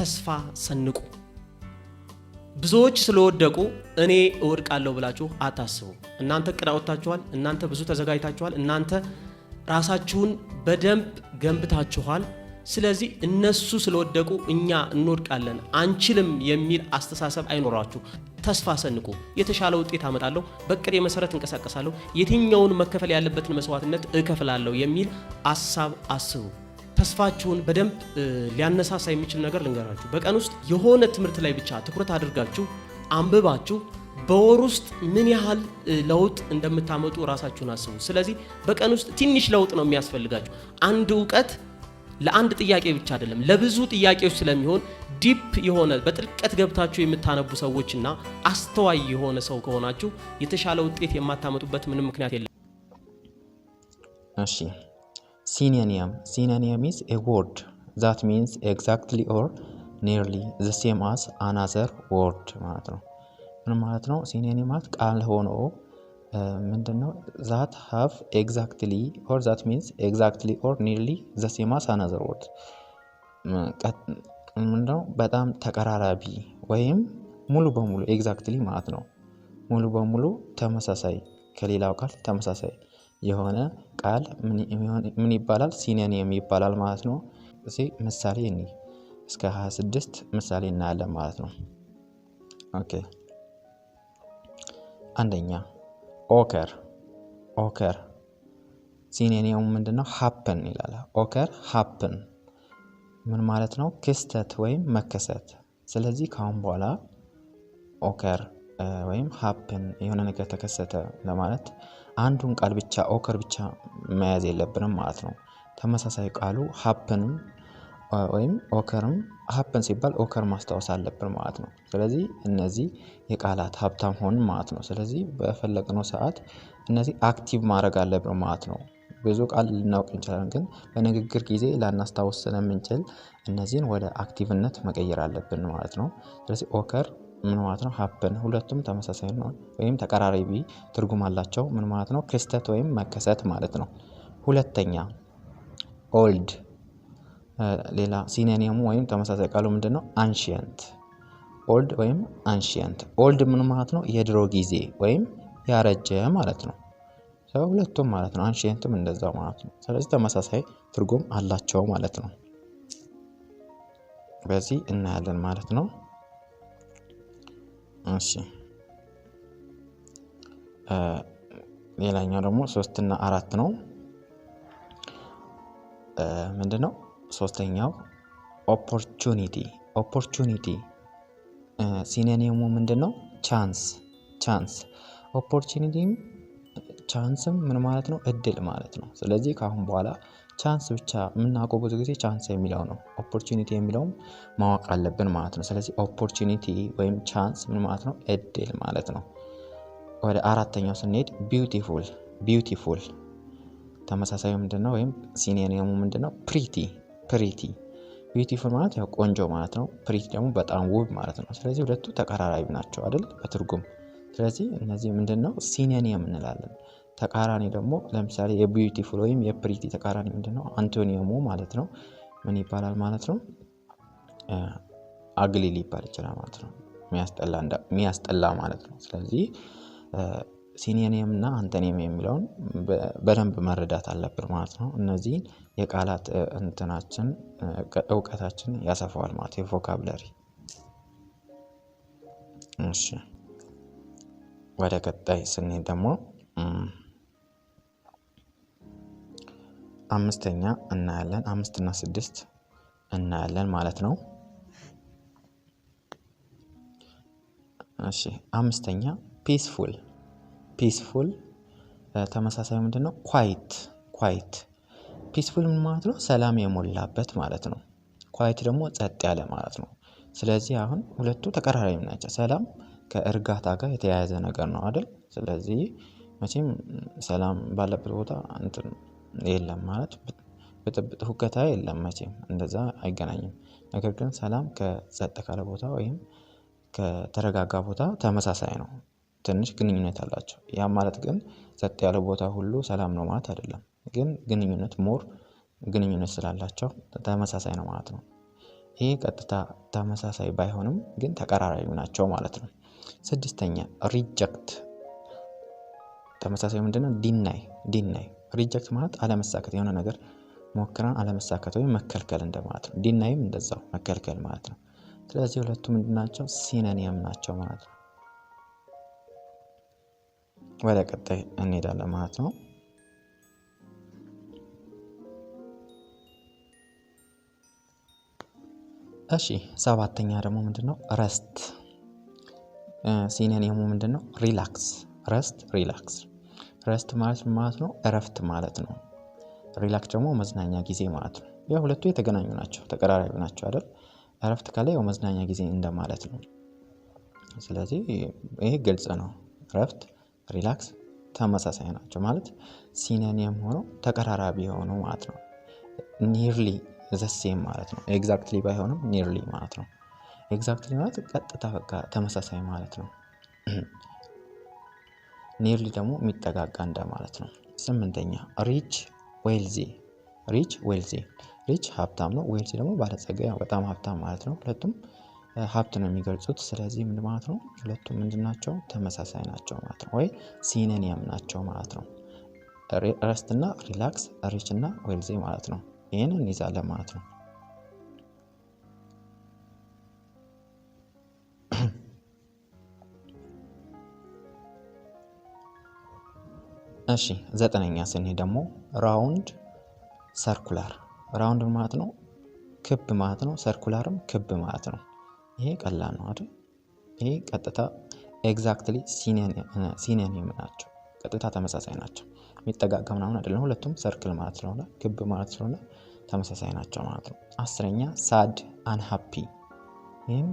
ተስፋ ሰንቁ። ብዙዎች ስለወደቁ እኔ እወድቃለሁ ብላችሁ አታስቡ። እናንተ ዕቅድ እናንተ ብዙ ተዘጋጅታችኋል። እናንተ ራሳችሁን በደንብ ገንብታችኋል። ስለዚህ እነሱ ስለወደቁ እኛ እንወድቃለን አንችልም የሚል አስተሳሰብ አይኖራችሁ። ተስፋ ሰንቁ። የተሻለ ውጤት አመጣለሁ፣ በቅድ መሰረት እንቀሳቀሳለሁ፣ የትኛውን መከፈል ያለበትን መስዋዕትነት እከፍላለሁ የሚል አሳብ አስቡ። ተስፋችሁን በደንብ ሊያነሳሳ የሚችል ነገር ልንገራችሁ። በቀን ውስጥ የሆነ ትምህርት ላይ ብቻ ትኩረት አድርጋችሁ አንብባችሁ በወር ውስጥ ምን ያህል ለውጥ እንደምታመጡ ራሳችሁን አስቡ። ስለዚህ በቀን ውስጥ ትንሽ ለውጥ ነው የሚያስፈልጋችሁ። አንድ እውቀት ለአንድ ጥያቄ ብቻ አይደለም፣ ለብዙ ጥያቄዎች ስለሚሆን ዲፕ የሆነ በጥልቀት ገብታችሁ የምታነቡ ሰዎች እና አስተዋይ የሆነ ሰው ከሆናችሁ የተሻለ ውጤት የማታመጡበት ምንም ምክንያት የለም። እሺ Synonym Synonym is a word that means exactly or nearly the same as another word ማለት ነው። ምን ማለት ነው? ሲኖኒም ማለት ቃል ሆኖ ምንድን ነው? ዛት ሃቭ ኤግዛክትሊ ኦር ዛት ሚንስ ኤግዛክትሊ ኦር ኒርሊ ዘ ሴም አስ አናዘር ወርድ ምንድነው? በጣም ተቀራራቢ ወይም ሙሉ በሙሉ ኤግዛክትሊ ማለት ነው። ሙሉ በሙሉ ተመሳሳይ ከሌላው ቃል ተመሳሳይ የሆነ ቃል ምን ይባላል ሲነኒየም ይባላል ማለት ነው። እዚ ምሳሌ እኔ እስከ 26 ምሳሌ እናያለን ማለት ነው። ኦኬ አንደኛ ኦከር ኦከር ሲኔኒየሙ ምንድን ነው? ሀፕን ይላል። ኦከር ሀፕን ምን ማለት ነው? ክስተት ወይም መከሰት። ስለዚህ ከአሁን በኋላ ኦከር ወይም ሀፕን የሆነ ነገር ተከሰተ ለማለት አንዱን ቃል ብቻ ኦከር ብቻ መያዝ የለብንም ማለት ነው። ተመሳሳይ ቃሉ ሀፕንም ወይም ኦከርም ሀፕን ሲባል ኦከር ማስታወስ አለብን ማለት ነው። ስለዚህ እነዚህ የቃላት ሀብታም ሆን ማለት ነው። ስለዚህ በፈለግነው ሰዓት እነዚህ አክቲቭ ማድረግ አለብን ማለት ነው። ብዙ ቃል ልናውቅ እንችላለን፣ ግን በንግግር ጊዜ ላናስታውስ ስለምንችል እነዚህን ወደ አክቲቭነት መቀየር አለብን ማለት ነው። ስለዚህ ኦከር ምን ማለት ነው? ሀፕን ሁለቱም ተመሳሳይ ነው ወይም ተቀራራቢ ትርጉም አላቸው። ምን ማለት ነው? ክስተት ወይም መከሰት ማለት ነው። ሁለተኛ ኦልድ፣ ሌላ ሲኖኒሙ ወይም ተመሳሳይ ቃሉ ምንድን ነው? አንሺየንት። ኦልድ ወይም አንሺየንት። ኦልድ ምን ማለት ነው? የድሮ ጊዜ ወይም ያረጀ ማለት ነው። ሁለቱም ማለት ነው። አንሺየንትም እንደዛው ማለት ነው። ስለዚህ ተመሳሳይ ትርጉም አላቸው ማለት ነው። በዚህ እናያለን ማለት ነው። እሺ ሌላኛው ደግሞ ሶስት እና አራት ነው። ነው ሶስተኛው ኦፖርቹኒቲ ኦፖርቹኒቲ ሲኖኒሙ ነው? ቻንስ ቻንስ ኦፖርቹኒቲም ቻንስም ምን ማለት ነው? እድል ማለት ነው። ስለዚህ ከአሁን በኋላ ቻንስ ብቻ የምናውቀው ብዙ ጊዜ ቻንስ የሚለው ነው። ኦፖርቹኒቲ የሚለውም ማወቅ አለብን ማለት ነው። ስለዚህ ኦፖርቹኒቲ ወይም ቻንስ ምን ማለት ነው? እድል ማለት ነው። ወደ አራተኛው ስንሄድ ቢዩቲፉል ቢዩቲፉል ተመሳሳዩ ምንድነው ወይም ሲኒየሙ ምንድነው ፕሪቲ ፕሪቲ ቢዩቲፉል ማለት ያው ቆንጆ ማለት ነው። ፕሪቲ ደግሞ በጣም ውብ ማለት ነው። ስለዚህ ሁለቱ ተቀራራቢ ናቸው አይደል? በትርጉም ስለዚህ እነዚህ ምንድነው ሲኒየም እንላለን። ተቃራኒ ደግሞ ለምሳሌ የቢዩቲፉል ወይም የፕሪቲ ተቃራኒ ምንድነው ነው? አንቶኒየሙ ማለት ነው። ምን ይባላል ማለት ነው? አግሊ ሊባል ይችላል ማለት ነው። የሚያስጠላ ማለት ነው። ስለዚህ ሲኒኒየም እና አንቶኒየም የሚለውን በደንብ መረዳት አለብን ማለት ነው። እነዚህን የቃላት እንትናችን እውቀታችን ያሰፋዋል ማለት የቮካብለሪ። እሺ ወደ ቀጣይ ስኒ ደግሞ አምስተኛ እናያለን። አምስት እና ስድስት እናያለን ማለት ነው። እሺ አምስተኛ ፒስፉል ፒስፉል ተመሳሳይ ምንድን ነው? ኳይት ኳይት። ፒስፉል ምን ማለት ነው? ሰላም የሞላበት ማለት ነው። ኳይት ደግሞ ጸጥ ያለ ማለት ነው። ስለዚህ አሁን ሁለቱ ተቀራራቢ ናቸው። ሰላም ከእርጋታ ጋር የተያያዘ ነገር ነው አይደል? ስለዚህ መቼም ሰላም ባለበት ቦታ እንትን የለም ማለት ብጥብጥ፣ ሁከታ የለም መቼም እንደዛ አይገናኝም። ነገር ግን ሰላም ከጸጥ ካለ ቦታ ወይም ከተረጋጋ ቦታ ተመሳሳይ ነው፣ ትንሽ ግንኙነት አላቸው። ያ ማለት ግን ጸጥ ያለ ቦታ ሁሉ ሰላም ነው ማለት አይደለም፣ ግን ግንኙነት ሞር ግንኙነት ስላላቸው ተመሳሳይ ነው ማለት ነው። ይህ ቀጥታ ተመሳሳይ ባይሆንም ግን ተቀራራቢ ናቸው ማለት ነው። ስድስተኛ ሪጀክት ተመሳሳይ ምንድነው? ዲናይ ዲናይ ሪጀክት ማለት አለመሳከት የሆነ ነገር ሞክረን አለመሳከት ወይም መከልከል እንደማለት ነው። ዲናይም እንደዛው መከልከል ማለት ነው። ስለዚህ ሁለቱ ምንድን ናቸው? ሲነኒየም ናቸው ማለት ነው። ወደ ቀጣይ እንሄዳለን ማለት ነው። እሺ ሰባተኛ ደግሞ ምንድን ነው? ረስት ሲነኒየሙ ምንድን ነው? ሪላክስ ረስት ሪላክስ ረስት ማለት ማለት ነው እረፍት ማለት ነው። ሪላክስ ደግሞ መዝናኛ ጊዜ ማለት ነው። ያ ሁለቱ የተገናኙ ናቸው፣ ተቀራራቢ ናቸው አይደል? እረፍት ካለ ያው መዝናኛ ጊዜ እንደማለት ነው። ስለዚህ ይሄ ግልጽ ነው። እረፍት፣ ሪላክስ ተመሳሳይ ናቸው ማለት ሲነኒየም ሆኖ ተቀራራቢ የሆኑ ማለት ነው። ኒርሊ ዘሴም ማለት ነው። ኤግዛክትሊ ባይሆንም ኒርሊ ማለት ነው። ኤግዛክትሊ ማለት ቀጥታ በቃ ተመሳሳይ ማለት ነው። ኒርሊ ደግሞ የሚጠጋጋ እንደማለት ነው። ስምንተኛ ሪች ዌልዚ ሪች ዌልዚ ሪች ሀብታም ነው። ዌልዚ ደግሞ ባለጸጋ በጣም ሀብታም ማለት ነው። ሁለቱም ሀብት ነው የሚገልጹት። ስለዚህ ምን ማለት ነው? ሁለቱም ምንድን ናቸው? ተመሳሳይ ናቸው ማለት ነው፣ ወይ ሲነኒየም ናቸው ማለት ነው። ረስትና ሪላክስ ሪች እና ዌልዚ ማለት ነው። ይህንን እንይዛለን ማለት ነው። እሺ ዘጠነኛ ስኒ ደግሞ ራውንድ ሰርኩላር፣ ራውንድ ማለት ነው ክብ ማለት ነው፣ ሰርኩላርም ክብ ማለት ነው። ይሄ ቀላል ነው አይደል? ይሄ ቀጥታ ኤግዛክትሊ ሲኖኒም ናቸው፣ ቀጥታ ተመሳሳይ ናቸው። የሚጠጋገም ምናምን አይደለም። ሁለቱም ሰርክል ማለት ስለሆነ ክብ ማለት ስለሆነ ተመሳሳይ ናቸው ማለት ነው። አስረኛ ሳድ አንሃፒ ይህም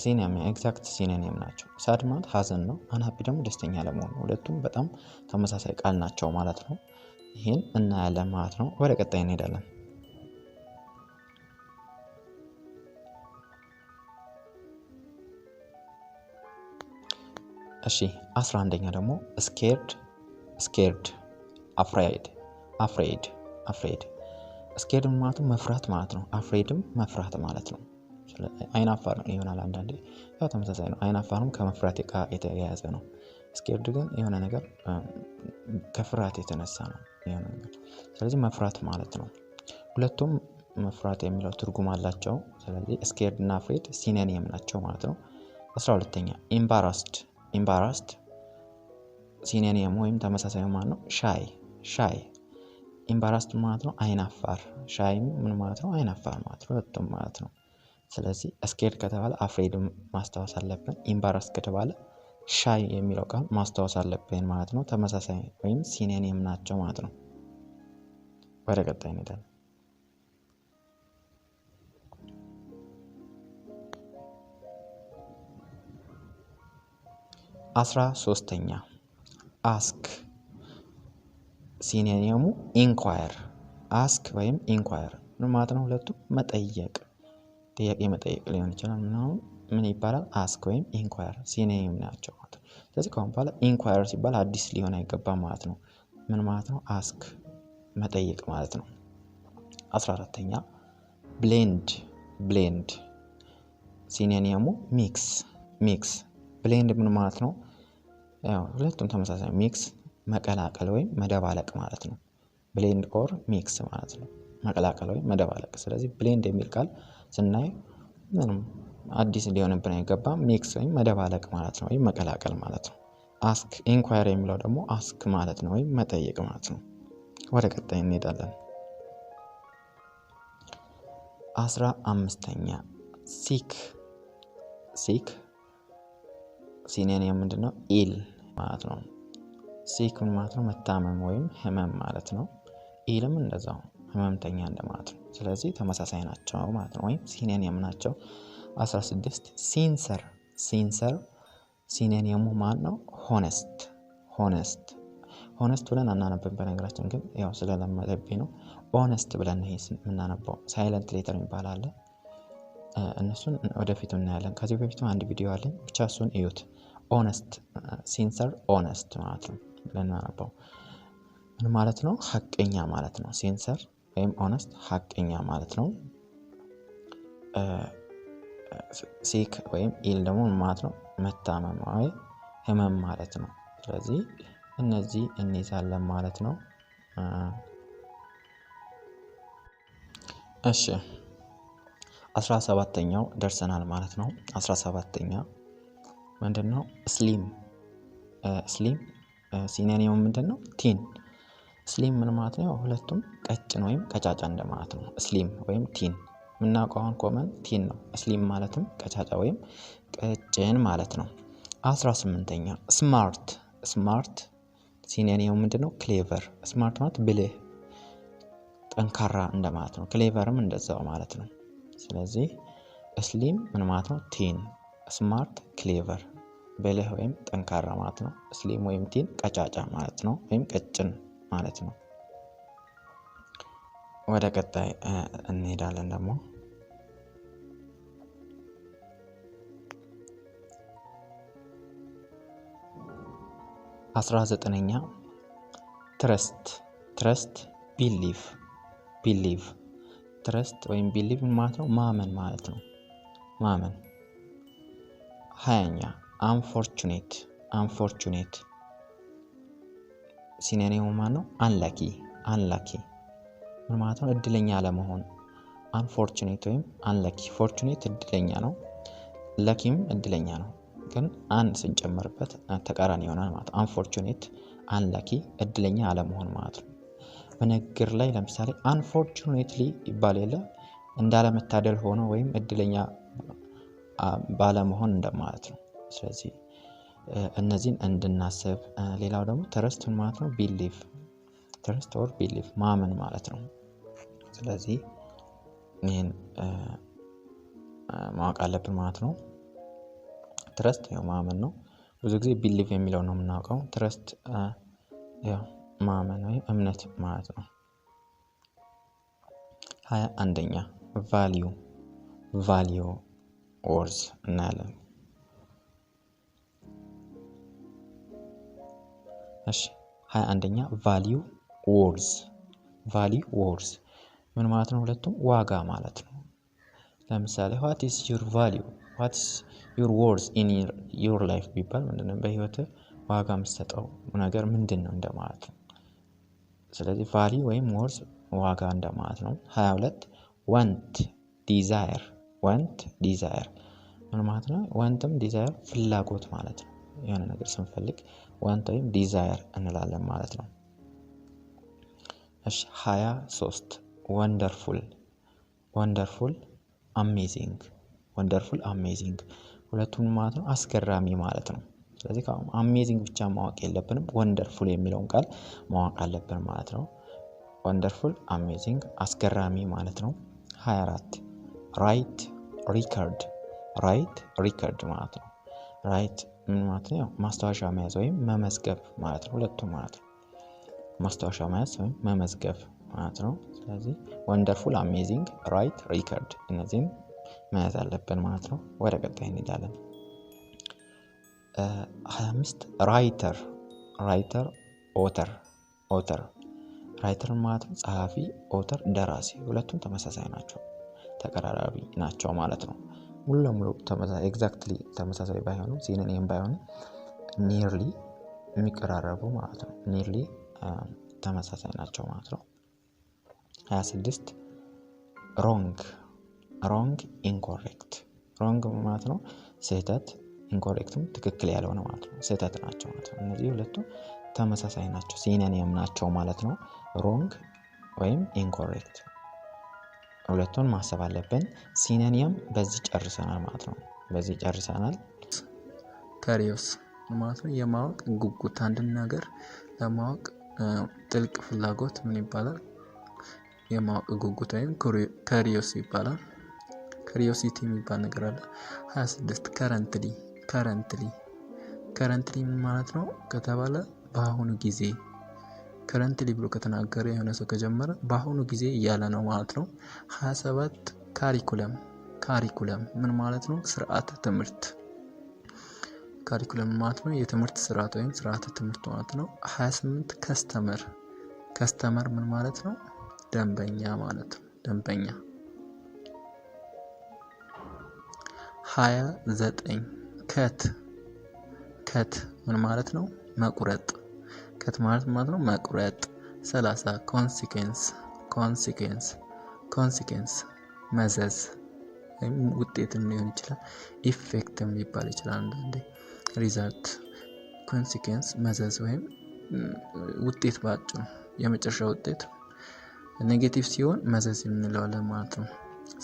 ሲኒየም ኤግዛክት ሲኒየም ናቸው። ሳድ ማለት ሀዘን ነው። አንሀፒ ደግሞ ደስተኛ ለመሆን ነው። ሁለቱም በጣም ተመሳሳይ ቃል ናቸው ማለት ነው። ይህን እናያለን ማለት ነው። ወደ ቀጣይ እንሄዳለን። እሺ አስራ አንደኛ ደግሞ ስኬርድ ስኬርድ አፍሬድ አፍሬድ አፍሬድ ስኬርድ ማለትም መፍራት ማለት ነው። አፍሬድም መፍራት ማለት ነው። አይናፋር ይሆናል። አንዳንዴ ያው ተመሳሳይ ነው። አይናፋርም ከመፍራት ጋር የተያያዘ ነው። ስኬርድ ግን የሆነ ነገር ከፍርሃት የተነሳ ነው የሆነ ነገር። ስለዚህ መፍራት ማለት ነው። ሁለቱም መፍራት የሚለው ትርጉም አላቸው። ስለዚህ ስኬርድ እና ፍሬድ ሲኖኒም ናቸው ማለት ነው። አስራ ሁለተኛ ኢምባራስድ ኢምባራስድ ሲኖኒም ወይም ተመሳሳይ ማለት ነው። ሻይ ሻይ ኢምባራስድ ማለት ነው አይናፋር። ሻይም ምን ማለት ነው? አይናፋር ማለት ነው። ሁለቱም ማለት ነው። ስለዚህ እስኬድ ከተባለ አፍሬድ ማስታወስ አለብን። ኢምባረስ ከተባለ ሻይ የሚለው ቃል ማስታወስ አለብን ማለት ነው። ተመሳሳይ ወይም ሲኔኒየም ናቸው ማለት ነው። ወደ ቀጣይ እንሄዳለን። አስራ ሶስተኛ አስክ ሲኔኒየሙ ኢንኳየር አስክ ወይም ኢንኳየር ማለት ነው። ሁለቱ መጠየቅ ጥያቄ መጠየቅ ሊሆን ይችላል ምናምን ምን ይባላል አስክ ወይም ኢንኳየር ሲኔም ናቸው ማለት ነው። ስለዚህ ከአሁን በኋላ ኢንኳየር ሲባል አዲስ ሊሆን አይገባም ማለት ነው። ምን ማለት ነው? አስክ መጠየቅ ማለት ነው። አስራ አራተኛ ብሌንድ ብሌንድ ሲኔኒየሙ ሚክስ ሚክስ ብሌንድ ምን ማለት ነው? ሁለቱም ተመሳሳይ ሚክስ መቀላቀል ወይም መደባለቅ ማለት ነው። ብሌንድ ኦር ሚክስ ማለት ነው። መቀላቀል ወይም መደባለቅ። ስለዚህ ብሌንድ የሚል ቃል ስናይ ምንም አዲስ ሊሆንብን አይገባም። ሚክስ ወይም መደባለቅ ማለት ነው፣ ወይም መቀላቀል ማለት ነው። አስክ ኢንኳይሪ የሚለው ደግሞ አስክ ማለት ነው፣ ወይም መጠየቅ ማለት ነው። ወደ ቀጣይ እንሄዳለን። አስራ አምስተኛ ሲክ ሲክ ሲኔኒየም ምንድን ነው? ኢል ማለት ነው። ሲክ ምን ማለት ነው? መታመም ወይም ህመም ማለት ነው። ኢልም እንደዛው ህመምተኛ እንደማለት ነው። ስለዚህ ተመሳሳይ ናቸው ማለት ነው። ወይም ሲኖኒየም ናቸው። 16 ሲንሰር ሲንሰር ሲኖኒየሙ ማን ነው? ሆነስት ሆነስት ሆነስት ብለን አናነብም። በነገራችን ግን ያው ስለለመደብኝ ነው ኦነስት ብለን ይሄ የምናነባው። ሳይለንት ሌተር ይባላለ እነሱን ወደፊቱ እናያለን። ከዚህ በፊቱ አንድ ቪዲዮ አለን ብቻ እሱን እዩት። ኦነስት ሲንሰር ኦነስት ማለት ነው ብለን እናነባው ምን ማለት ነው? ሀቀኛ ማለት ነው። ሲንሰር ወይም ኦነስት ሀቀኛ ማለት ነው። ሲክ ወይም ኢል ደግሞ ማለት ነው መታመም ወይ ህመም ማለት ነው። ስለዚህ እነዚህ እንይዛለን ማለት ነው። እሺ አስራ ሰባተኛው ደርሰናል ማለት ነው። አስራ ሰባተኛ ምንድን ነው? ስሊም ስሊም ሲኖኒሙ ምንድን ነው? ቲን ስሊም ምን ማለት ነው? ሁለቱም ቀጭን ወይም ቀጫጫ እንደማለት ነው። ስሊም ወይም ቲን የምናውቀው አሁን ኮመን ቲን ነው። ስሊም ማለትም ቀጫጫ ወይም ቀጭን ማለት ነው። አስራ ስምንተኛ ስማርት ስማርት ሲኒየም ምንድን ነው? ክሌቨር ስማርት ማለት ብልህ ጠንካራ እንደማለት ነው። ክሌቨርም እንደዛው ማለት ነው። ስለዚህ ስሊም ምን ማለት ነው? ቲን ስማርት ክሌቨር ብልህ ወይም ጠንካራ ማለት ነው። ስሊም ወይም ቲን ቀጫጫ ማለት ነው፣ ወይም ቀጭን ማለት ነው። ወደ ቀጣይ እንሄዳለን ደግሞ አስራ ዘጠነኛ ትረስት ትረስት ቢሊቭ ቢሊቭ ትረስት ወይም ቢሊቭ ማለት ነው ማመን ማለት ነው ማመን። ሀያኛ አንፎርቹኔት አንፎርቹኔት ሲኖኒሙ ማን ነው? አንላኪ አንላኪ ምን ማለት ነው? እድለኛ አለመሆን አንፎርቹኔት ወይም አንላኪ። ፎርቹኔት እድለኛ ነው፣ ለኪም እድለኛ ነው። ግን አን ስንጨምርበት ተቃራኒ ይሆናል ማለት ነው። አንፎርቹኔት አንላኪ እድለኛ አለመሆን ማለት ነው። በንግግር ላይ ለምሳሌ አንፎርቹኔትሊ ይባል የለ እንዳለመታደል ሆኖ ወይም እድለኛ ባለመሆን እንደማለት ነው። ስለዚህ እነዚህን እንድናስብ። ሌላው ደግሞ ትረስትን ማለት ነው ቢሊቭ ትረስት ኦር ቢሊቭ ማመን ማለት ነው። ስለዚህ ይህን ማወቅ አለብን ማለት ነው። ትረስት ያው ማመን ነው። ብዙ ጊዜ ቢሊቭ የሚለው ነው የምናውቀው። ትረስት ያው ማመን ወይም እምነት ማለት ነው። ሀያ አንደኛ ቫሊዩ ቫሊዩ ወርዝ እናያለን። እሺ ሃያ አንደኛ ቫሊዩ ዎርዝ ቫሊዩ ዎርዝ ምን ማለት ነው? ሁለቱም ዋጋ ማለት ነው። ለምሳሌ ዋት ኢዝ ዩር ቫሊዩ ዋት ኢዝ ዩር ዎርዝ ኢን ዩር ላይፍ ቢባል ምንድነው በህይወት ዋጋ የምትሰጠው ነገር ምንድን ነው እንደማለት ነው። ስለዚህ ቫሊዩ ወይም ዎርዝ ዋጋ እንደማለት ነው። 22 ሁለት ዋንት ዲዛየር ወንት ዲዛየር ምን ማለት ነው? ወንትም ዲዛይር ፍላጎት ማለት ነው። የሆነ ነገር ስንፈልግ ዋንት ወይም ዲዛየር እንላለን ማለት ነው። እሺ ሀያ ሶስት ወንደርፉል ወንደርፉል አሜዚንግ ወንደርፉል አሜዚንግ ሁለቱም ማለት ነው አስገራሚ ማለት ነው። ስለዚህ አሜዚንግ ብቻ ማወቅ የለብንም ወንደርፉል የሚለውን ቃል ማወቅ አለብን ማለት ነው። ወንደርፉል አሜዚንግ አስገራሚ ማለት ነው። 24 ራይት ሪከርድ ራይት ሪከርድ ማለት ነው። ራይት ምን ማለት ነው? ማስታወሻ መያዝ ወይም መመዝገብ ማለት ነው። ሁለቱም ማለት ነው። ማስታወሻ መያዝ ወይም መመዝገብ ማለት ነው። ስለዚህ ወንደርፉል፣ አሜዚንግ፣ ራይት፣ ሪከርድ እነዚህም መያዝ አለብን ማለት ነው። ወደ ቀጣይ እንሄዳለን። ሀያ አምስት ራይተር ራይተር ኦተር ኦተር ራይተር ማለት ነው ጸሐፊ፣ ኦተር ደራሲ፣ ሁለቱም ተመሳሳይ ናቸው፣ ተቀራራቢ ናቸው ማለት ነው። ሙሉ ለሙሉ ኤግዛክትሊ ተመሳሳይ ባይሆኑ ሲንን ይህም ባይሆኑ ኒርሊ የሚቀራረቡ ማለት ነው። ኒርሊ um, ተመሳሳይ ናቸው ማለት ነው። 26 ሮንግ ሮንግ ኢንኮሬክት ሮንግ ማለት ነው ስህተት፣ ኢንኮሬክትም ትክክል ያልሆነ ማለት ነው። ስህተት ናቸው ማለት ነው። እነዚህ ሁለቱ ተመሳሳይ ናቸው፣ ሲነኒየም ናቸው ማለት ነው። ሮንግ ወይም ኢንኮሬክት ሁለቱን ማሰብ አለብን። ሲነኒየም በዚህ ጨርሰናል ማለት ነው። በዚህ ጨርሰናል። ከሪዮስ ማለት ነው የማወቅ ጉጉት፣ አንድን ነገር ለማወቅ ጥልቅ ፍላጎት ምን ይባላል? የማወቅ ጉጉት ወይም ከሪዮስ ይባላል። ከሪዮሲቲ የሚባል ነገር አለ። 26 ከረንትሊ ከረንትሊ ከረንትሊ ማለት ነው ከተባለ በአሁኑ ጊዜ ከረንት ብሎ ከተናገረ የሆነ ሰው ከጀመረ በአሁኑ ጊዜ እያለ ነው ማለት ነው። 27 ካሪኩለም ካሪኩለም ምን ማለት ነው? ስርዓተ ትምህርት ካሪኩለም ማለት ነው የትምህርት ስርዓት ወይም ስርዓተ ትምህርት ማለት ነው። 28 ከስተመር ከስተመር ምን ማለት ነው? ደንበኛ ማለት ነው። ደንበኛ 29 ከት ከት ምን ማለት ነው? መቁረጥ መመልከት ማለት ማለት ነው። መቁረጥ። ሰላሳ ኮንሲኩዌንስ ኮንሲኩዌንስ ኮንሲኩዌንስ መዘዝ ወይም ውጤትም ሊሆን ይችላል። ኢፌክትም ሊባል ይችላል አንዳንዴ። ሪዛልት ኮንሲኩዌንስ መዘዝ ወይም ውጤት ነው የመጨረሻ ውጤት ኔጌቲቭ ሲሆን መዘዝ የምንለዋለን ማለት ነው።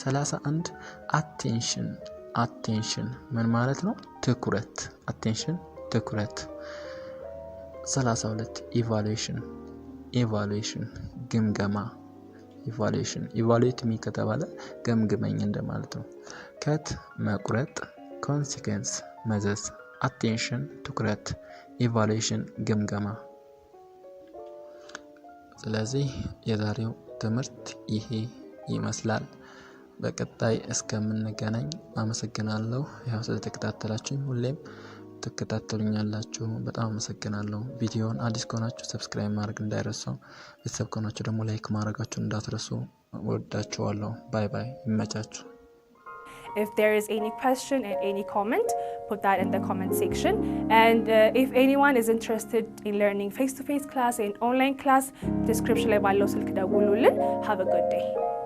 31 አቴንሽን አቴንሽን ምን ማለት ነው? ትኩረት አቴንሽን ትኩረት 32 ኢቫሉዌሽን ኢቫሉዌሽን ግምገማ ኢቫሉዌሽን ኢቫሉዌት ሚ ከተባለ ገምግመኝ እንደማለት ነው። ከት መቁረጥ፣ ኮንሲኩዌንስ መዘዝ፣ አቴንሽን ትኩረት፣ ኢቫሉዌሽን ግምገማ። ስለዚህ የዛሬው ትምህርት ይሄ ይመስላል። በቀጣይ እስከምንገናኝ አመሰግናለሁ። ያው ስለተከታተላችሁኝ ሁሌም ትከታተሉኛላችሁ። በጣም አመሰግናለሁ። ቪዲዮውን አዲስ ከሆናችሁ ሰብስክራይብ ማድረግ እንዳይረሳው፣ ቤተሰብ ከሆናችሁ ደግሞ ላይክ ማድረጋችሁን እንዳትረሱ። ወዳችኋለሁ። ባይ ባይ። ይመቻችሁ። If there is any question and any comment, put that in the comment section. And uh, if anyone is interested in learning face-to-face class and online class, description ላይ Have a good day.